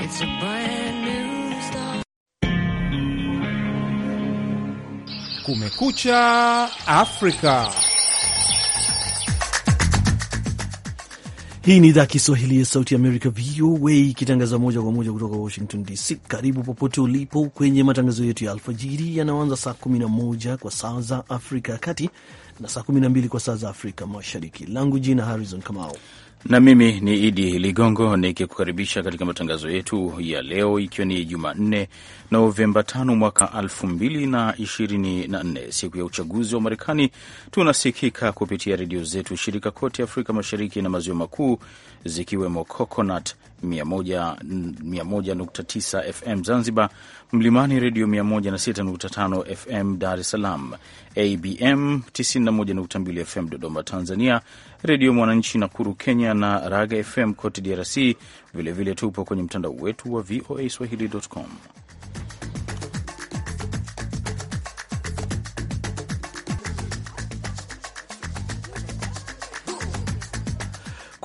It's a brand new Kumekucha Afrika. Hii ni idhaa Kiswahili ya Sauti ya Amerika, VOA, ikitangaza moja kwa moja kutoka Washington DC. Karibu popote ulipo kwenye matangazo yetu ya alfajiri yanayoanza saa 11 kwa saa za Afrika ya Kati na saa 12 kwa saa za Afrika Mashariki. Langu jina Harrison Kamau na mimi ni Idi Ligongo nikikukaribisha katika matangazo yetu ya leo, ikiwa ni Jumanne Novemba 5 mwaka 2024, siku ya uchaguzi wa Marekani. Tunasikika kupitia redio zetu shirika kote Afrika Mashariki na Maziwa Makuu, zikiwemo Coconut 101.9 FM Zanzibar, Mlimani Redio 106.5 FM Dar es Salaam, ABM 91.2 FM Dodoma Tanzania, Redio Mwananchi Nakuru Kenya na Raga FM kote DRC. Vilevile vile tupo kwenye mtandao wetu wa VOA swahili.com.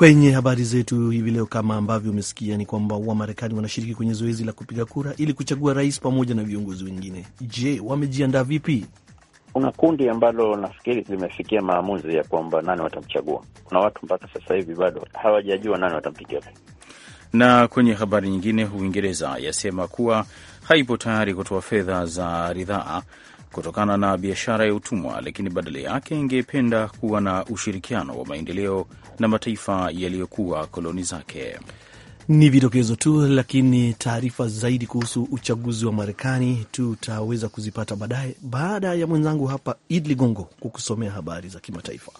Kwenye habari zetu hivi leo, kama ambavyo umesikia, ni kwamba Wamarekani wanashiriki kwenye zoezi la kupiga kura ili kuchagua rais pamoja na viongozi wengine. Je, wamejiandaa vipi? Kuna kundi ambalo nafikiri limefikia maamuzi ya kwamba nani watamchagua. Kuna watu mpaka sasa hivi bado hawajajua nani watampigia. Na kwenye habari nyingine, Uingereza yasema kuwa haipo tayari kutoa fedha za ridhaa kutokana na biashara ya utumwa, lakini badala yake ingependa kuwa na ushirikiano wa maendeleo na mataifa yaliyokuwa koloni zake. Ni vidokezo tu, lakini taarifa zaidi kuhusu uchaguzi wa Marekani tutaweza kuzipata baadaye, baada ya mwenzangu hapa Id Ligongo kukusomea habari za kimataifa.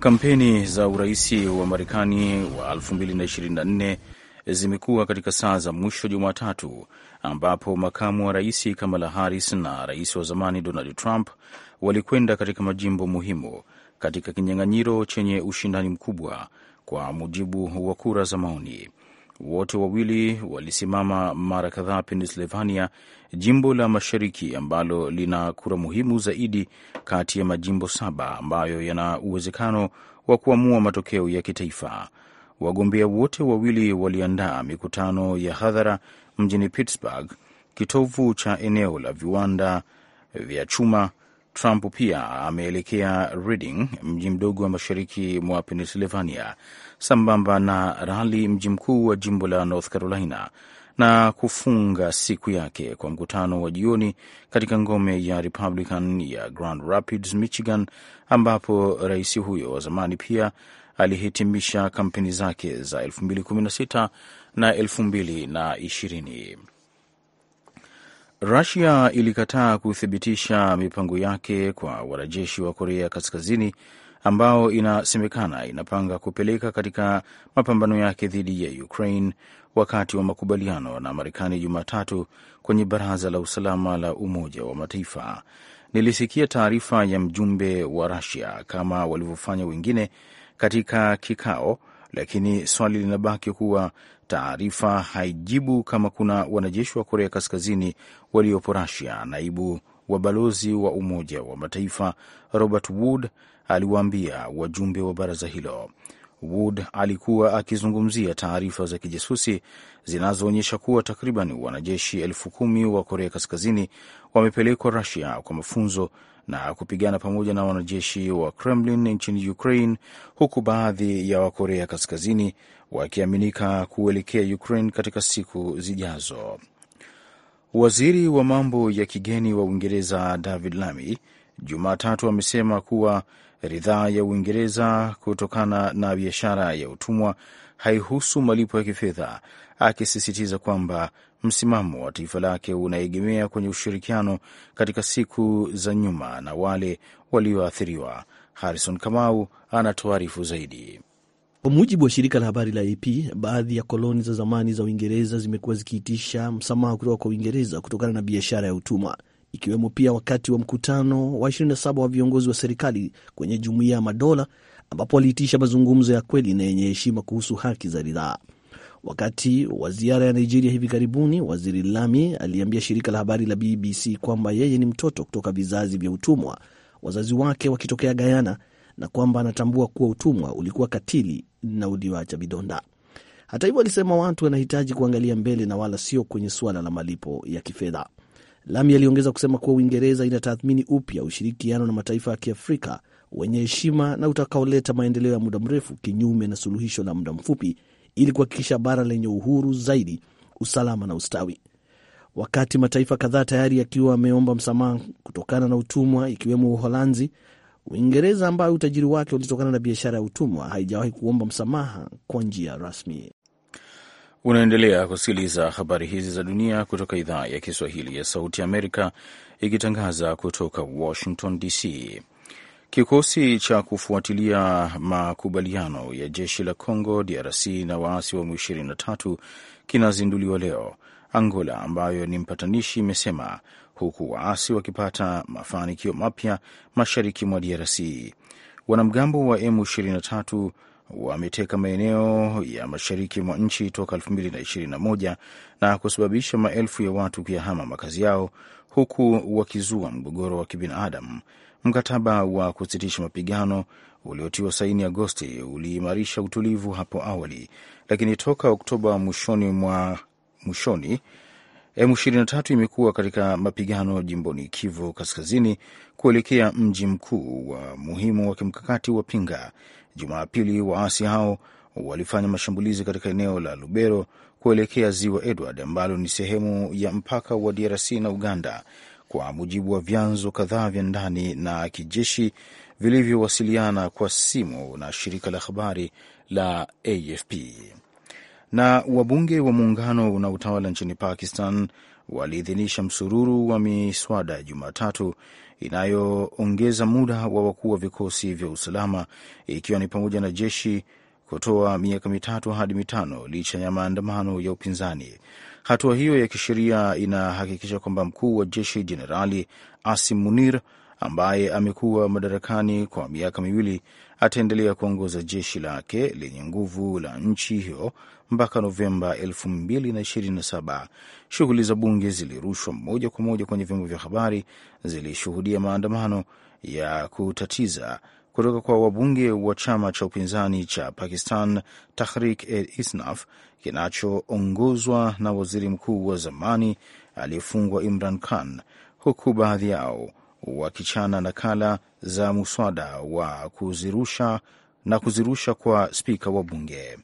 Kampeni za uraisi wa Marekani wa 2024 zimekuwa katika saa za mwisho Jumatatu, ambapo makamu wa rais Kamala Harris na rais wa zamani Donald Trump walikwenda katika majimbo muhimu katika kinyang'anyiro chenye ushindani mkubwa, kwa mujibu wa kura za maoni. Wote wawili walisimama mara kadhaa Pennsylvania, jimbo la mashariki ambalo lina kura muhimu zaidi kati ya majimbo saba ambayo yana uwezekano wa kuamua matokeo ya kitaifa. Wagombea wote wawili waliandaa mikutano ya hadhara mjini Pittsburgh, kitovu cha eneo la viwanda vya chuma. Trump pia ameelekea Reading, mji mdogo wa mashariki mwa Pennsylvania, sambamba na Raleigh, mji mkuu wa jimbo la North Carolina, na kufunga siku yake kwa mkutano wa jioni katika ngome ya Republican ya Grand Rapids, Michigan, ambapo rais huyo wa zamani pia alihitimisha kampeni zake za 2016 na 2020. Rusia ilikataa kuthibitisha mipango yake kwa wanajeshi wa Korea Kaskazini ambao inasemekana inapanga kupeleka katika mapambano yake dhidi ya Ukraine wakati wa makubaliano na Marekani Jumatatu kwenye Baraza la Usalama la Umoja wa Mataifa. Nilisikia taarifa ya mjumbe wa Rusia kama walivyofanya wengine katika kikao, lakini swali linabaki kuwa taarifa haijibu kama kuna wanajeshi wa Korea Kaskazini waliopo Rasia. Naibu wa balozi wa Umoja wa Mataifa Robert Wood aliwaambia wajumbe wa baraza hilo. Wood alikuwa akizungumzia taarifa za kijasusi zinazoonyesha kuwa takriban wanajeshi elfu kumi wa Korea Kaskazini wamepelekwa Rusia kwa mafunzo na kupigana pamoja na wanajeshi wa Kremlin nchini Ukraine, huku baadhi ya Wakorea Kaskazini wakiaminika kuelekea Ukraine katika siku zijazo. Waziri wa mambo ya kigeni wa Uingereza David Lammy Jumatatu amesema kuwa ridhaa ya Uingereza kutokana na biashara ya utumwa haihusu malipo ya kifedha, akisisitiza kwamba msimamo wa taifa lake unaegemea kwenye ushirikiano katika siku za nyuma na wale walioathiriwa. Harrison Kamau anatuarifu zaidi. Kwa mujibu wa shirika la habari la AP, baadhi ya koloni za zamani za Uingereza zimekuwa zikiitisha msamaha kutoka kwa Uingereza kutokana na biashara ya utumwa, ikiwemo pia wakati wa mkutano wa 27 wa viongozi wa serikali kwenye Jumuiya ya Madola ambapo waliitisha mazungumzo ya kweli na yenye heshima kuhusu haki za ridhaa. Wakati wa ziara ya Nigeria hivi karibuni, waziri Lami aliambia shirika la habari la BBC kwamba yeye ni mtoto kutoka vizazi vya utumwa, wazazi wake wakitokea gayana na kwamba anatambua kuwa utumwa ulikuwa katili na ulioacha vidonda. Hata hivyo, alisema watu wanahitaji kuangalia mbele na wala sio kwenye suala la malipo ya kifedha. Lami aliongeza kusema kuwa Uingereza inatathmini upya ushirikiano na mataifa ya Kiafrika wenye heshima na utakaoleta maendeleo ya muda mrefu, kinyume na suluhisho la muda mfupi ili kuhakikisha bara lenye uhuru zaidi, usalama na ustawi. Wakati mataifa kadhaa tayari yakiwa yameomba msamaha kutokana na utumwa, ikiwemo Uholanzi, Uingereza ambayo utajiri wake ulitokana na biashara ya utumwa haijawahi kuomba msamaha kwa njia rasmi. Unaendelea kusikiliza habari hizi za dunia kutoka idhaa ya Kiswahili ya Sauti ya Amerika, ikitangaza kutoka Washington DC. Kikosi cha kufuatilia makubaliano ya jeshi la Congo DRC na waasi wa M23 kinazinduliwa leo Angola, ambayo ni mpatanishi imesema, huku waasi wakipata mafanikio mapya mashariki mwa DRC. Wanamgambo wa M23 wameteka maeneo ya mashariki mwa nchi toka 2021 na kusababisha maelfu ya watu kuyahama makazi yao, huku wakizua mgogoro wa kibinadamu Mkataba wa kusitisha mapigano uliotiwa saini Agosti uliimarisha utulivu hapo awali, lakini toka Oktoba mwishoni mwa mwishoni M23 imekuwa katika mapigano jimboni Kivu Kaskazini kuelekea mji mkuu wa muhimu wa kimkakati wa Pinga. Jumapili, waasi hao walifanya mashambulizi katika eneo la Lubero kuelekea ziwa Edward ambalo ni sehemu ya mpaka wa DRC na Uganda kwa mujibu wa vyanzo kadhaa vya ndani na kijeshi vilivyowasiliana kwa simu na shirika la habari la AFP. Na wabunge wa muungano na utawala nchini Pakistan waliidhinisha msururu wa miswada Jumatatu inayoongeza muda wa wakuu wa vikosi vya usalama ikiwa ni pamoja na jeshi kutoa miaka mitatu hadi mitano licha ya maandamano ya upinzani. Hatua hiyo ya kisheria inahakikisha kwamba mkuu wa jeshi Jenerali Asim Munir ambaye amekuwa madarakani kwa miaka miwili ataendelea kuongoza jeshi lake lenye nguvu la nchi hiyo mpaka Novemba 2027. Shughuli za bunge zilirushwa moja kwa moja kwenye vyombo vya habari, zilishuhudia maandamano ya kutatiza kutoka kwa wabunge wa chama cha upinzani cha Pakistan Tahrik-e-Insaf kinachoongozwa na waziri mkuu wa zamani aliyefungwa Imran Khan, huku baadhi yao wakichana nakala za muswada wa kuzirusha na kuzirusha kwa spika wa bunge.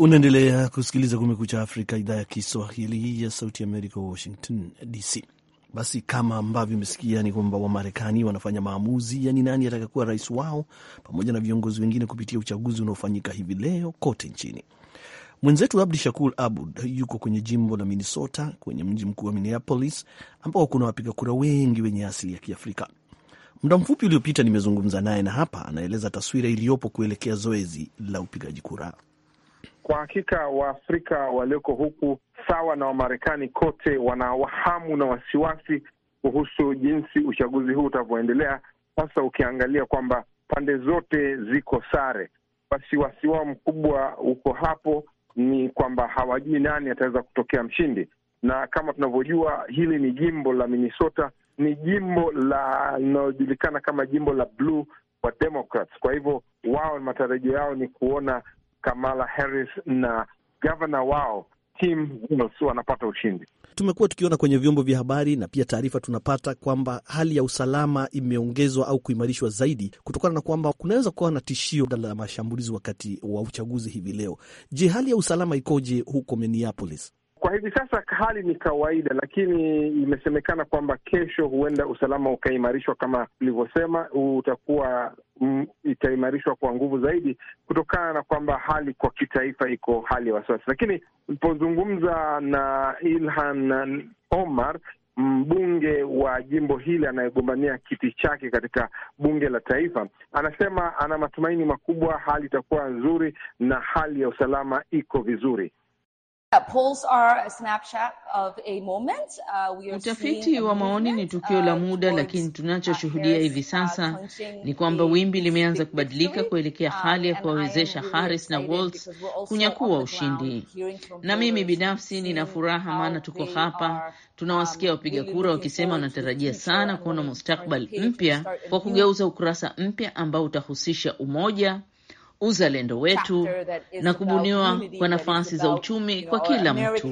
Unaendelea kusikiliza Kumekucha Afrika, idhaa ya Kiswahili ya Sauti Amerika, Washington DC. Basi kama ambavyo imesikia ni kwamba Wamarekani wanafanya maamuzi, yani nani atakakuwa rais wao pamoja na viongozi wengine kupitia uchaguzi unaofanyika hivi leo kote nchini. Mwenzetu Abdi Shakur Abud yuko kwenye jimbo la Minnesota, kwenye mji mkuu wa Minneapolis, ambao kuna wapiga kura wengi wenye asili ya Kiafrika. Muda mfupi uliopita nimezungumza naye na hapa anaeleza taswira iliyopo kuelekea zoezi la upigaji kura. Kwa hakika Waafrika walioko huku sawa na Wamarekani kote wana wahamu na wasiwasi kuhusu jinsi uchaguzi huu utavyoendelea, hasa ukiangalia kwamba pande zote ziko sare. Wasiwasi wao mkubwa uko hapo ni kwamba hawajui nani ataweza kutokea mshindi, na kama tunavyojua, hili ni jimbo la Minnesota, ni jimbo la linalojulikana kama jimbo la bluu wa Democrats. Kwa hivyo wao matarajio yao ni kuona Kamala Harris na gavana wao Tim Walz wanapata ushindi. Tumekuwa tukiona kwenye vyombo vya habari na pia taarifa tunapata kwamba hali ya usalama imeongezwa au kuimarishwa zaidi kutokana na kwamba kunaweza kuwa na tishio la mashambulizi wakati wa uchaguzi hivi leo. Je, hali ya usalama ikoje huko Minneapolis? Kwa hivi sasa hali ni kawaida, lakini imesemekana kwamba kesho huenda usalama ukaimarishwa kama ulivyosema, utakuwa mm, itaimarishwa kwa nguvu zaidi kutokana na kwamba hali kwa kitaifa iko hali ya wasiwasi. Lakini ulipozungumza na Ilhan Omar mbunge wa jimbo hili anayegombania kiti chake katika bunge la taifa, anasema ana matumaini makubwa, hali itakuwa nzuri na hali ya usalama iko vizuri. Uh, Utafiti wa maoni ni tukio la uh, muda, lakini tunachoshuhudia uh, hivi sasa ni kwamba wimbi limeanza kubadilika kuelekea hali ya kuwawezesha Harris na Walz kunyakua ushindi. Na mimi binafsi nina furaha, maana tuko hapa, tunawasikia um, wapiga kura wakisema wanatarajia sana kuona mustakbal mpya kwa kugeuza ukurasa mpya ambao utahusisha umoja uzalendo wetu na kubuniwa kwa nafasi za uchumi kwa kila mtu.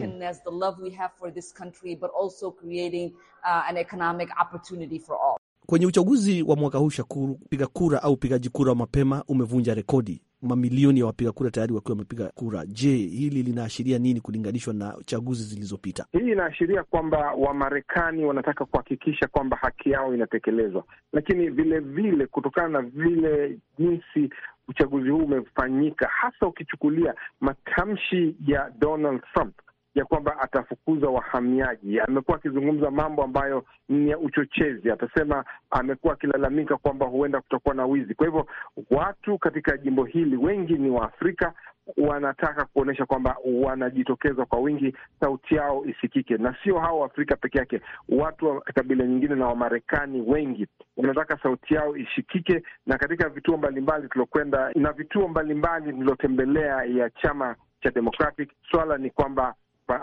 Uh, Kwenye uchaguzi wa mwaka huu, Shakuru, piga kura au upigaji kura wa mapema umevunja rekodi, mamilioni ya wapiga kura tayari wakiwa wamepiga kura. Je, hili linaashiria nini kulinganishwa na chaguzi zilizopita? Hii inaashiria kwamba Wamarekani wanataka kuhakikisha kwamba haki yao inatekelezwa, lakini vilevile, kutokana na vile jinsi uchaguzi huu umefanyika, hasa ukichukulia matamshi ya Donald Trump ya kwamba atafukuza wahamiaji. Amekuwa akizungumza mambo ambayo ni ya uchochezi. Atasema amekuwa akilalamika kwamba huenda kutakuwa na wizi. Kwa hivyo watu katika jimbo hili wengi ni Waafrika, wanataka kuonyesha kwamba wanajitokeza kwa wingi, sauti yao isikike, na sio hao Waafrika peke yake, watu wa kabila nyingine na Wamarekani wengi wanataka sauti yao ishikike. Na katika vituo mbalimbali tulokwenda na vituo mbalimbali tulilotembelea ya chama cha Democratic, swala ni kwamba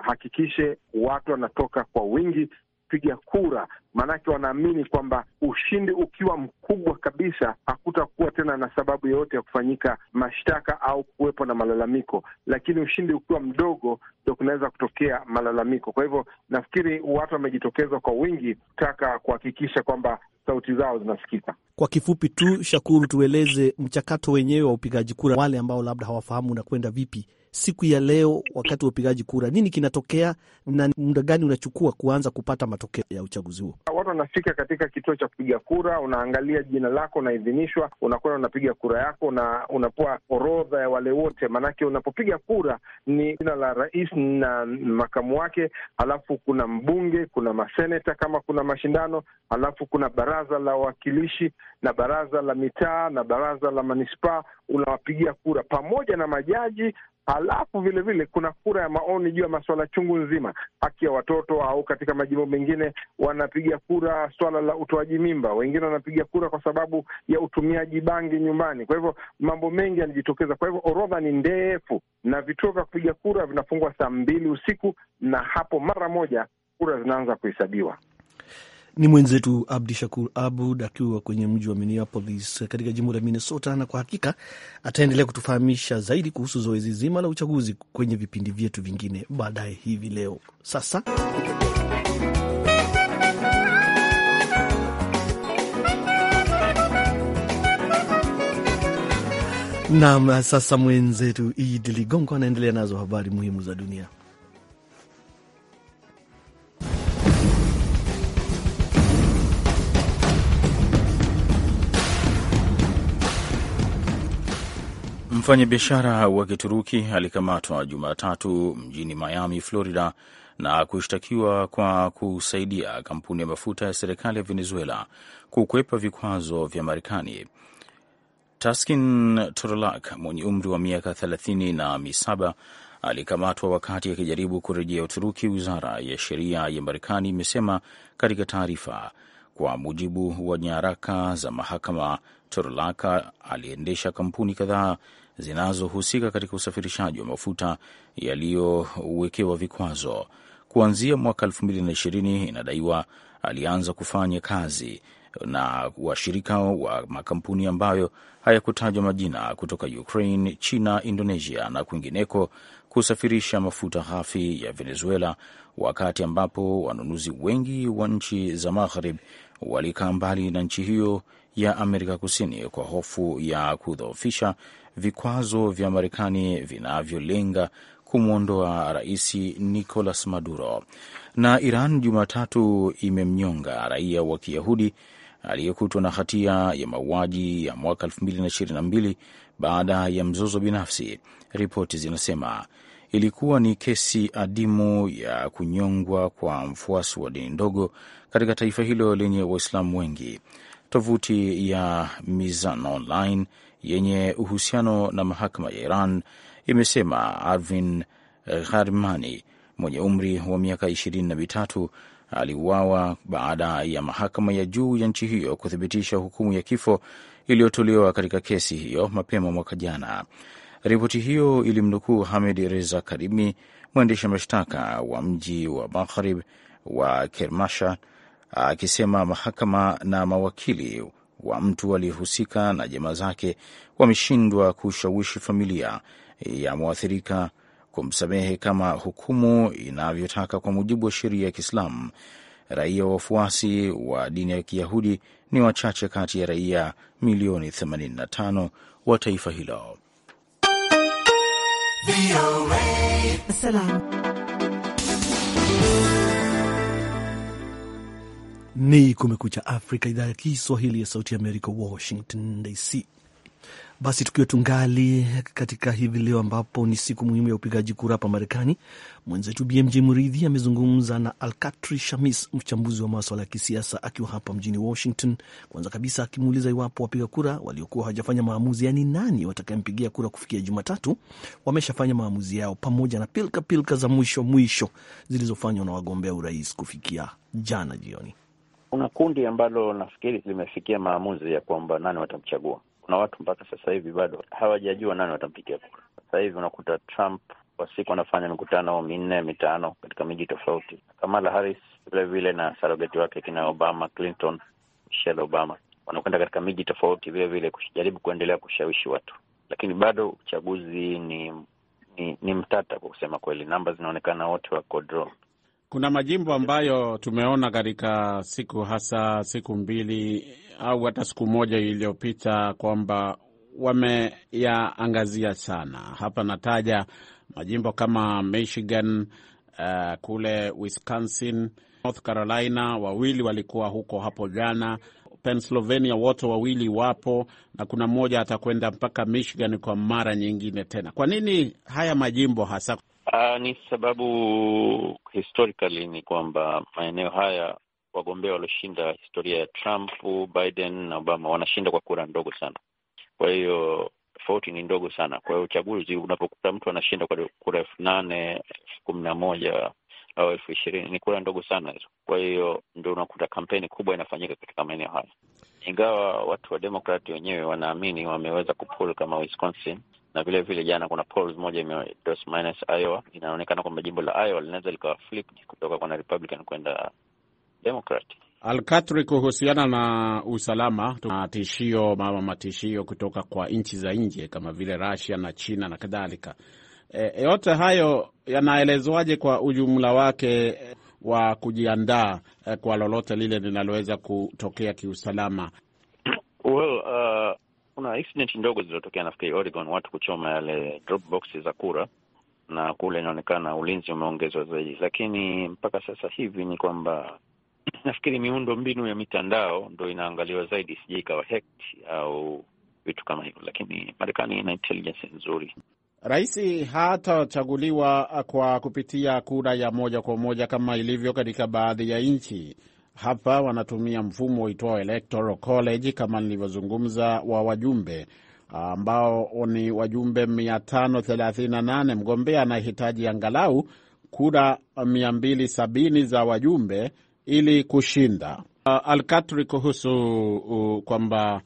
hakikishe watu wanatoka kwa wingi piga kura maanake wanaamini kwamba ushindi ukiwa mkubwa kabisa hakutakuwa tena na sababu yoyote ya kufanyika mashtaka au kuwepo na malalamiko, lakini ushindi ukiwa mdogo ndo kunaweza kutokea malalamiko. Kwa hivyo nafikiri watu wamejitokeza kwa wingi kutaka kuhakikisha kwamba sauti zao zinasikika. Kwa kifupi tu, Shakuru, tueleze mchakato wenyewe wa upigaji kura, wale ambao labda hawafahamu unakwenda vipi siku ya leo wakati wa upigaji kura, nini kinatokea na muda gani unachukua kuanza kupata matokeo ya uchaguzi huo? Watu wanafika katika kituo cha kupiga kura, unaangalia jina lako, unaidhinishwa, unakwenda unapiga kura yako na unapewa orodha ya wale wote, maanake unapopiga kura ni jina la rais na makamu wake, alafu kuna mbunge, kuna maseneta kama kuna mashindano, alafu kuna baraza la wawakilishi na baraza la mitaa na baraza la manispaa, unawapigia kura pamoja na majaji Halafu vile vile kuna kura ya maoni juu ya masuala chungu nzima, haki ya watoto, au katika majimbo mengine wanapiga kura swala la utoaji mimba, wengine wanapiga kura kwa sababu ya utumiaji bangi nyumbani. Kwa hivyo mambo mengi yanajitokeza. Kwa hivyo orodha ni ndefu, na vituo vya kupiga kura vinafungwa saa mbili usiku, na hapo mara moja kura zinaanza kuhesabiwa. Ni mwenzetu Abdi Shakur Abud akiwa kwenye mji wa Minneapolis katika jimbo la Minnesota, na kwa hakika ataendelea kutufahamisha zaidi kuhusu zoezi zima la uchaguzi kwenye vipindi vyetu vingine baadaye hivi leo. Sasa nam, sasa mwenzetu Idi Ligongo anaendelea nazo habari muhimu za dunia. Mfanyabiashara wa Kituruki alikamatwa Jumatatu mjini Miami, Florida na kushtakiwa kwa kusaidia kampuni ya mafuta ya serikali ya Venezuela kukwepa vikwazo vya Marekani. Taskin Torolak mwenye umri wa miaka thelathini na misaba alikamatwa wakati akijaribu kurejea Uturuki, wizara ya sheria ya Marekani imesema katika taarifa. Kwa mujibu wa nyaraka za mahakama, Torolaka aliendesha kampuni kadhaa zinazohusika katika usafirishaji wa mafuta yaliyowekewa vikwazo. Kuanzia mwaka 2020 inadaiwa alianza kufanya kazi na washirika wa makampuni ambayo hayakutajwa majina kutoka Ukraine, China, Indonesia na kwingineko kusafirisha mafuta ghafi ya Venezuela, wakati ambapo wanunuzi wengi wa nchi za Maghrib walikaa mbali na nchi hiyo ya Amerika Kusini kwa hofu ya kudhoofisha vikwazo vya Marekani vinavyolenga kumwondoa rais Nicolas Maduro. Na Iran Jumatatu imemnyonga raia wa Kiyahudi aliyekutwa na hatia ya mauaji ya mwaka 2022 baada ya mzozo binafsi, ripoti zinasema ilikuwa ni kesi adimu ya kunyongwa kwa mfuasi wa dini ndogo katika taifa hilo lenye Waislamu wengi. Tovuti ya Mizan Online yenye uhusiano na mahakama ya Iran imesema Arvin Gharimani mwenye umri wa miaka ishirini na mitatu aliuawa baada ya mahakama ya juu ya nchi hiyo kuthibitisha hukumu ya kifo iliyotolewa katika kesi hiyo mapema mwaka jana. Ripoti hiyo ilimnukuu Hamed Reza Karimi, mwendesha mashtaka wa mji wa Maghrib wa Kermasha akisema mahakama na mawakili wa mtu aliyehusika na jamaa zake wameshindwa kushawishi familia ya mwathirika kumsamehe kama hukumu inavyotaka kwa mujibu wa sheria ya Kiislamu. Raia wa wafuasi wa dini ya Kiyahudi ni wachache kati ya raia milioni 85 wa taifa hilo. Ni Kumekucha Afrika, idhaa ya Kiswahili ya Sauti ya Amerika, Washington DC. Basi tukiwa tungali katika hivi leo ambapo ni siku muhimu ya upigaji kura hapa Marekani, mwenzetu BMJ Muridhi amezungumza na Alkatri Shamis, mchambuzi wa maswala ya kisiasa, akiwa hapa mjini Washington, kwanza kabisa akimuuliza iwapo wapiga kura waliokuwa hawajafanya maamuzi, yaani nani watakayempigia kura kufikia Jumatatu, wameshafanya maamuzi yao, pamoja na pilka pilka za mwisho mwisho zilizofanywa na wagombea urais kufikia jana jioni kuna kundi ambalo nafikiri limefikia maamuzi ya kwamba nani watamchagua. Kuna watu mpaka sasa hivi bado hawajajua nani watampigia kura. Sasa hivi unakuta Trump kwa siku anafanya mikutano minne mitano katika miji tofauti. Kamala Harris vilevile na sarogeti wake kina Obama, Clinton, Michelle Obama wanakwenda katika miji tofauti vilevile kujaribu kuendelea kushawishi watu, lakini bado uchaguzi ni ni, ni mtata kwa kusema kweli. Namba zinaonekana wote wako draw, kuna majimbo ambayo tumeona katika siku hasa siku mbili au hata siku moja iliyopita kwamba wameyaangazia sana. Hapa nataja majimbo kama Michigan, uh, kule Wisconsin, North Carolina, wawili walikuwa huko hapo jana. Pennsylvania wote wawili wapo, na kuna mmoja atakwenda mpaka Michigan kwa mara nyingine tena. Kwa nini haya majimbo hasa? Uh, ni sababu historically ni kwamba maeneo haya wagombea walioshinda historia ya Trump, Biden na Obama wanashinda kwa kura ndogo sana, kwa hiyo tofauti ni ndogo sana. Kwa hiyo uchaguzi unapokuta mtu anashinda kwa kura elfu nane elfu kumi na moja au elfu ishirini ni kura ndogo sana hizo. Kwa hiyo ndio unakuta kampeni kubwa inafanyika katika maeneo haya, ingawa watu wa Demokrati wenyewe wanaamini wameweza kupul kama Wisconsin na vile vile jana kuna polls moja ime minus Iowa, inaonekana kwamba jimbo la Iowa linaweza likawa flip kutoka kwa na Republican kwenda Democrat. Alkatri, kuhusiana na usalama na tishio mama matishio kutoka kwa nchi za nje kama vile Russia na China na kadhalika, e, yote hayo yanaelezwaje kwa ujumla wake e, wa kujiandaa e, kwa lolote lile linaloweza kutokea kiusalama? Well, uh, kuna accident ndogo zilizotokea nafikiri Oregon, watu kuchoma yale drop boxes za kura, na kule inaonekana ulinzi umeongezwa zaidi, lakini mpaka sasa hivi ni kwamba nafikiri miundo mbinu ya mitandao ndo inaangaliwa zaidi, sije ikawa hacked au vitu kama hivyo, lakini Marekani ina intelligence nzuri. Rais hatachaguliwa kwa kupitia kura ya moja kwa moja kama ilivyo katika baadhi ya nchi. Hapa wanatumia mfumo uitwao Electoral College kama nilivyozungumza, wa wajumbe ambao ni wajumbe 538. Mgombea anahitaji angalau kura 270 za wajumbe ili kushinda. Uh, Alkatri kuhusu uh, kwamba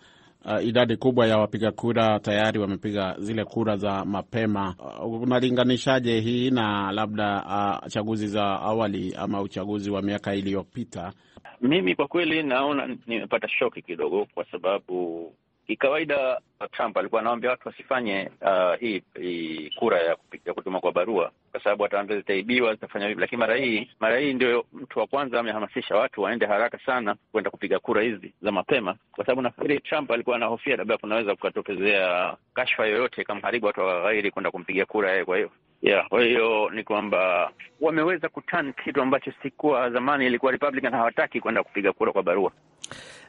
uh, idadi kubwa ya wapiga kura tayari wamepiga zile kura za mapema uh, unalinganishaje hii na labda uh, chaguzi za awali ama uchaguzi wa miaka iliyopita? Mimi kwa kweli naona nimepata shoki kidogo, kwa sababu kikawaida Trump alikuwa anawambia watu wasifanye uh, hii, hii kura ya, ya kutuma kwa barua kwa sababu ataambia zitaibiwa, zitafanya vipi. Lakini mara hii mara hii ndio mtu wa kwanza amehamasisha watu waende haraka sana kwenda kupiga kura hizi za mapema, kwa sababu nafikiri Trump alikuwa anahofia labda kunaweza kukatokezea kashfa yoyote ikamharibu watu wa ghairi kwenda kumpigia kura yeye. Kwa hiyo Yeah, kwa hiyo ni kwamba wameweza kutan kitu ambacho sikuwa zamani, ilikuwa Republican hawataki kwenda kupiga kura kwa barua.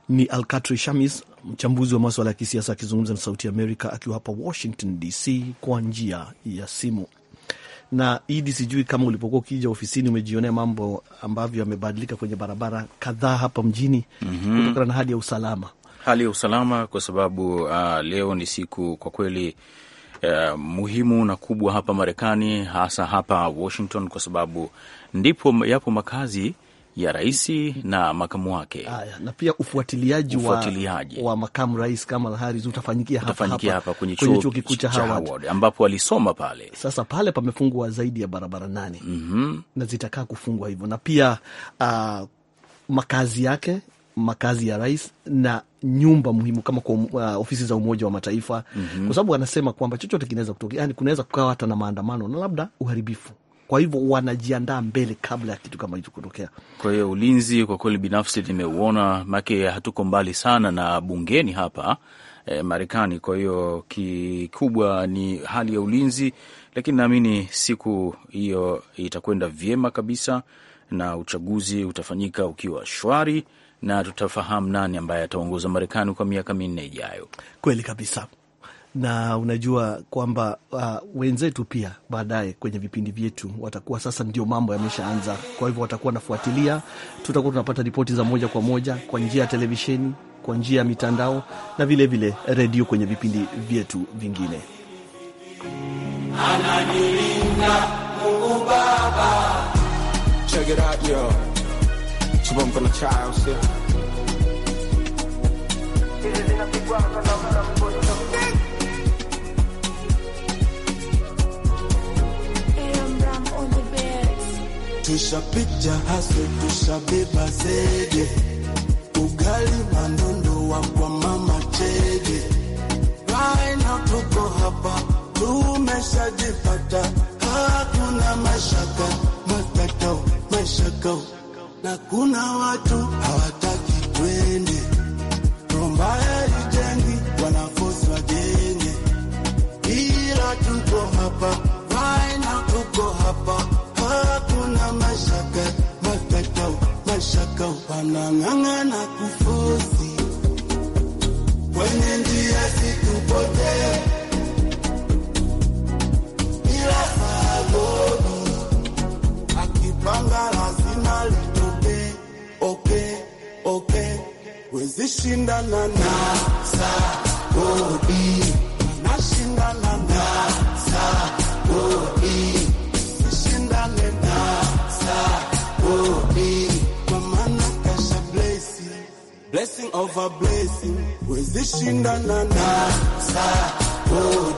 Ni Alkatri Shamis, mchambuzi wa maswala ya kisiasa, akizungumza na Sauti Amerika akiwa hapa Washington DC kwa njia ya simu. Na Idi, sijui kama ulipokuwa ukija ofisini umejionea mambo ambavyo yamebadilika kwenye barabara kadhaa hapa mjini mm -hmm. kutokana na hali ya usalama, hali ya usalama kwa sababu uh, leo ni siku kwa kweli Eh, muhimu na kubwa hapa Marekani, hasa hapa Washington, kwa sababu ndipo yapo makazi ya rais na makamu wake. Aya, na pia ufuatiliaji, ufuatiliaji. Wa, wa makamu rais Kamala Harris utafanyikia hapa, hapa, hapa kwenye chuo kikuu cha Howard ambapo alisoma pale. Sasa pale pamefungwa zaidi ya barabara nane mm -hmm. na zitakaa kufungwa hivyo na pia uh, makazi yake makazi ya rais na nyumba muhimu kama kwa um, uh, ofisi za Umoja wa Mataifa mm -hmm. kwa sababu anasema kwamba chochote kinaweza kutokea, yani kunaweza kukawa hata na maandamano na labda uharibifu kwa hivyo wanajiandaa mbele kabla ya kitu kama hicho kutokea. Kwa hiyo ulinzi kwa kweli binafsi nimeuona, make hatuko mbali sana na bungeni hapa e, Marekani. Kwa hiyo kikubwa ni hali ya ulinzi, lakini naamini siku hiyo itakwenda vyema kabisa na uchaguzi utafanyika ukiwa shwari na tutafahamu nani ambaye ataongoza Marekani kwa miaka minne ijayo. Kweli kabisa na unajua kwamba uh, wenzetu pia baadaye kwenye vipindi vyetu watakuwa sasa, ndio mambo yameshaanza. Kwa hivyo watakuwa wanafuatilia, tutakuwa tunapata ripoti za moja kwa moja kwa njia ya televisheni, kwa njia ya mitandao na vilevile redio kwenye vipindi vyetu vingine. Anajilinda Mungu Baba check it out, yo. 두번 걸러 차우스. Tushapiga hasi, tushabeba zege, ugali mandondo wa kwa mama chege. Right now tuko hapa, tumeshajipata haki mashaka na kuna watu hawataki twende, tombaya ijengi wanafosi wajenge, ila tuko hapa vaina, tuko hapa hakuna mashaka, mashaka wanang'ang'ana kufa Nashindana na Saudi. Nashindana na Saudi. Nashindana na Saudi. Mamana kasha blessing. Blessing over blessing. Wezishindana na Saudi.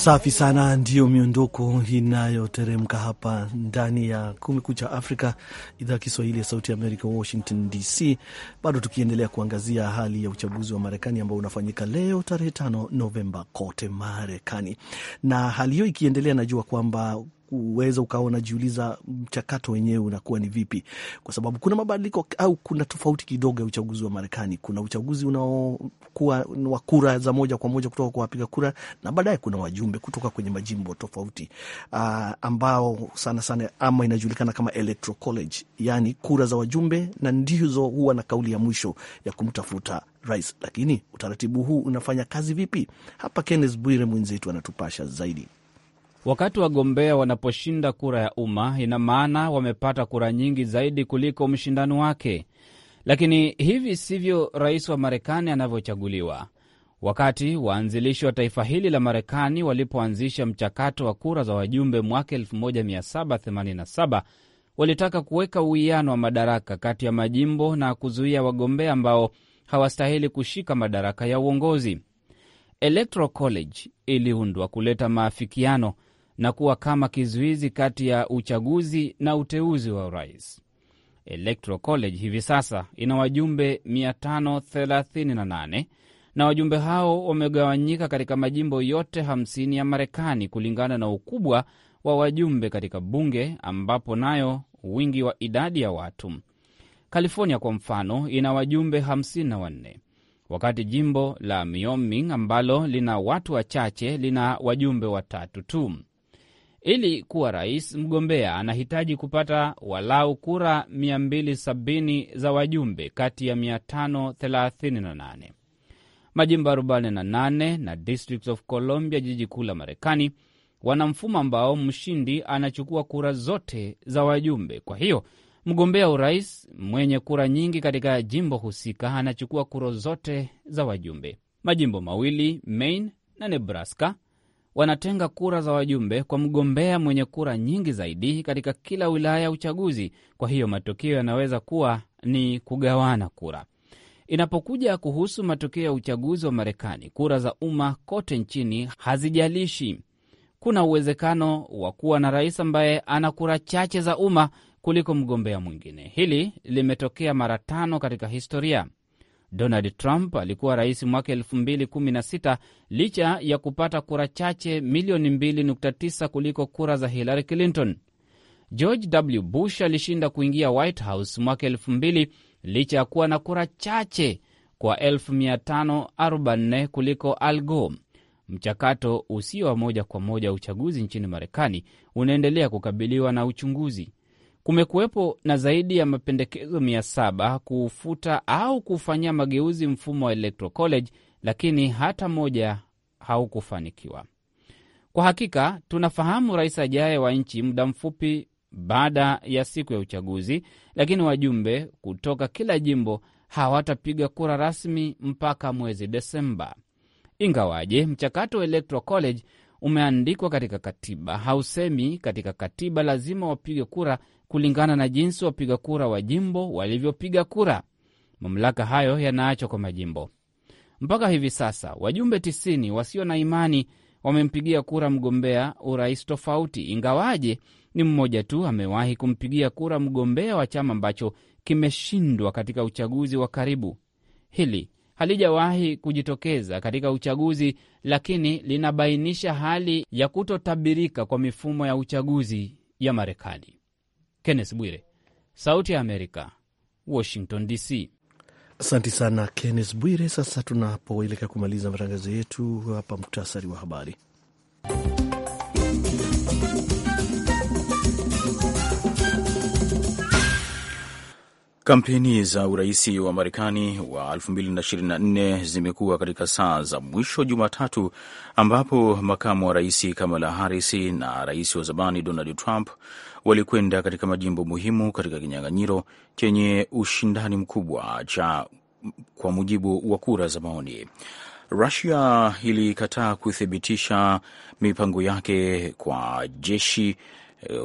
Safi sana, ndiyo miondoko inayoteremka hapa ndani ya Kumekucha Afrika, idhaa ya Kiswahili ya Sauti ya Amerika, Washington DC, bado tukiendelea kuangazia hali ya uchaguzi wa Marekani ambao unafanyika leo tarehe tano Novemba kote Marekani. Na hali hiyo ikiendelea, najua kwamba uweza ukawa unajiuliza mchakato wenyewe unakuwa ni vipi, kwa sababu kuna mabadiliko au kuna tofauti kidogo ya uchaguzi wa Marekani. Kuna uchaguzi unaokuwa wa kura za moja kwa moja kutoka kwa wapiga kura, na baadaye kuna wajumbe kutoka kwenye majimbo tofauti uh, ambao sana sana ama inajulikana kama electoral college, yani kura za wajumbe, na ndizo huwa na kauli ya mwisho ya kumtafuta rais. Lakini utaratibu huu unafanya kazi vipi? Hapa Kenneth Bwire mwenzetu anatupasha zaidi. Wakati wagombea wanaposhinda kura ya umma, ina maana wamepata kura nyingi zaidi kuliko mshindani wake. Lakini hivi sivyo rais wa Marekani anavyochaguliwa. Wakati waanzilishi wa taifa hili la Marekani walipoanzisha mchakato wa kura za wajumbe mwaka 1787 walitaka kuweka uwiano wa madaraka kati ya majimbo na kuzuia wagombea ambao hawastahili kushika madaraka ya uongozi. Electoral College iliundwa kuleta maafikiano na kuwa kama kizuizi kati ya uchaguzi na uteuzi wa urais. Electoral College hivi sasa ina wajumbe 538 na wajumbe hao wamegawanyika katika majimbo yote 50 ya Marekani kulingana na ukubwa wa wajumbe katika bunge, ambapo nayo wingi wa idadi ya watu. California kwa mfano ina wajumbe 54 wakati jimbo la Wyoming ambalo lina watu wachache lina wajumbe watatu tu. Ili kuwa rais, mgombea anahitaji kupata walau kura 270 za wajumbe kati ya 538. Majimbo 48 na District of Columbia, jiji kuu la Marekani, wana mfumo ambao mshindi anachukua kura zote za wajumbe. Kwa hiyo mgombea urais mwenye kura nyingi katika jimbo husika anachukua kura zote za wajumbe. Majimbo mawili Maine na Nebraska wanatenga kura za wajumbe kwa mgombea mwenye kura nyingi zaidi katika kila wilaya ya uchaguzi. Kwa hiyo matokeo yanaweza kuwa ni kugawana kura. Inapokuja kuhusu matokeo ya uchaguzi wa Marekani, kura za umma kote nchini hazijalishi. Kuna uwezekano wa kuwa na rais ambaye ana kura chache za umma kuliko mgombea mwingine. Hili limetokea mara tano katika historia. Donald Trump alikuwa rais mwaka 2016 licha ya kupata kura chache milioni 2.9 kuliko kura za Hillary Clinton. George W. Bush alishinda kuingia White House mwaka 2000 licha ya kuwa na kura chache kwa 544 kuliko Al Gore. Mchakato usio wa moja kwa moja uchaguzi nchini Marekani unaendelea kukabiliwa na uchunguzi. Kumekuwepo na zaidi ya mapendekezo mia saba kuufuta au kufanyia mageuzi mfumo wa Electoral College, lakini hata moja haukufanikiwa. Kwa hakika, tunafahamu rais ajaye wa nchi muda mfupi baada ya siku ya uchaguzi, lakini wajumbe kutoka kila jimbo hawatapiga kura rasmi mpaka mwezi Desemba. Ingawaje mchakato wa Electoral College umeandikwa katika katiba, hausemi katika katiba lazima wapige kura kulingana na jinsi wapiga kura wa jimbo walivyopiga kura. Mamlaka hayo yanaachwa kwa majimbo. Mpaka hivi sasa wajumbe 90 wasio na imani wamempigia kura mgombea urais tofauti, ingawaje ni mmoja tu amewahi kumpigia kura mgombea wa chama ambacho kimeshindwa katika uchaguzi wa karibu. Hili halijawahi kujitokeza katika uchaguzi, lakini linabainisha hali ya kutotabirika kwa mifumo ya uchaguzi ya Marekani. Kenneth Bwire, Sauti ya Amerika, Washington DC. Asante sana Kenneth Bwire. Sasa tunapoelekea kumaliza matangazo yetu hapa, muktasari wa habari. Kampeni za urais wa Marekani wa 2024 zimekuwa katika saa za mwisho Jumatatu, ambapo makamu wa rais Kamala Harris na rais wa zamani Donald Trump walikwenda katika majimbo muhimu katika kinyang'anyiro chenye ushindani mkubwa cha kwa mujibu wa kura za maoni. Rusia ilikataa kuthibitisha mipango yake kwa jeshi Eh,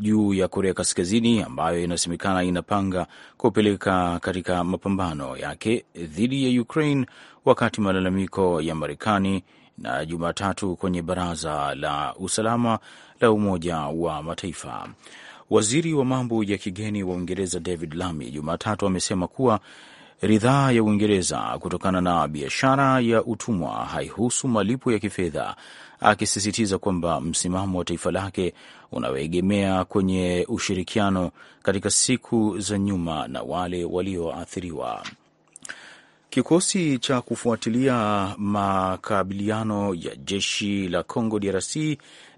juu ya Korea Kaskazini ambayo inasemekana inapanga kupeleka katika mapambano yake dhidi ya Ukraine, wakati malalamiko ya Marekani na Jumatatu kwenye Baraza la Usalama la Umoja wa Mataifa. Waziri wa mambo ya kigeni wa Uingereza David Lammy Jumatatu amesema kuwa ridhaa ya Uingereza kutokana na biashara ya utumwa haihusu malipo ya kifedha, akisisitiza kwamba msimamo wa taifa lake unaoegemea kwenye ushirikiano katika siku za nyuma na wale walioathiriwa. Kikosi cha kufuatilia makabiliano ya jeshi la Congo DRC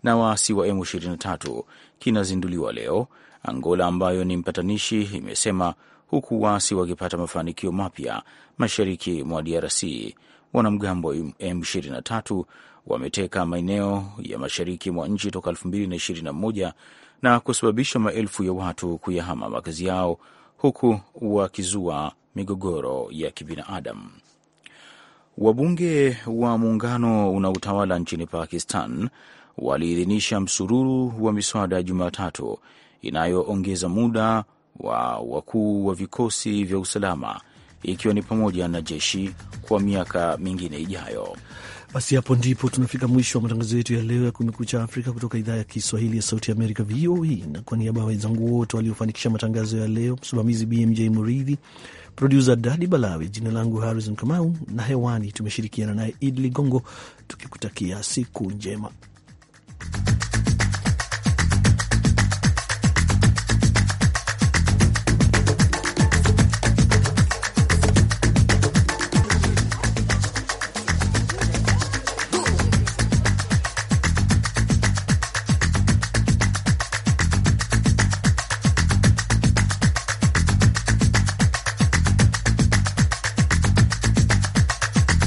na waasi wa M23 kinazinduliwa leo. Angola ambayo ni mpatanishi imesema huku waasi wakipata mafanikio mapya mashariki mwa DRC. Wanamgambo wa M23 wameteka maeneo ya mashariki mwa nchi toka 2021 na kusababisha maelfu ya watu kuyahama makazi yao huku wakizua migogoro ya kibinadamu. Wabunge wa muungano unaotawala nchini Pakistan waliidhinisha msururu wa miswada Jumatatu inayoongeza muda wa wakuu wa vikosi vya usalama ikiwa ni pamoja na jeshi kwa miaka mingine ijayo. Basi hapo ndipo tunafika mwisho wa matangazo yetu ya leo ya Kumekucha Afrika kutoka idhaa ya Kiswahili ya Sauti Amerika, VOA. E. Na kwa niaba ya wenzangu wote waliofanikisha matangazo ya leo, msimamizi BMJ Muridhi, produsa Dadi Balawe, jina langu Harrison Kamau na hewani tumeshirikiana naye Idi Ligongo, tukikutakia siku njema.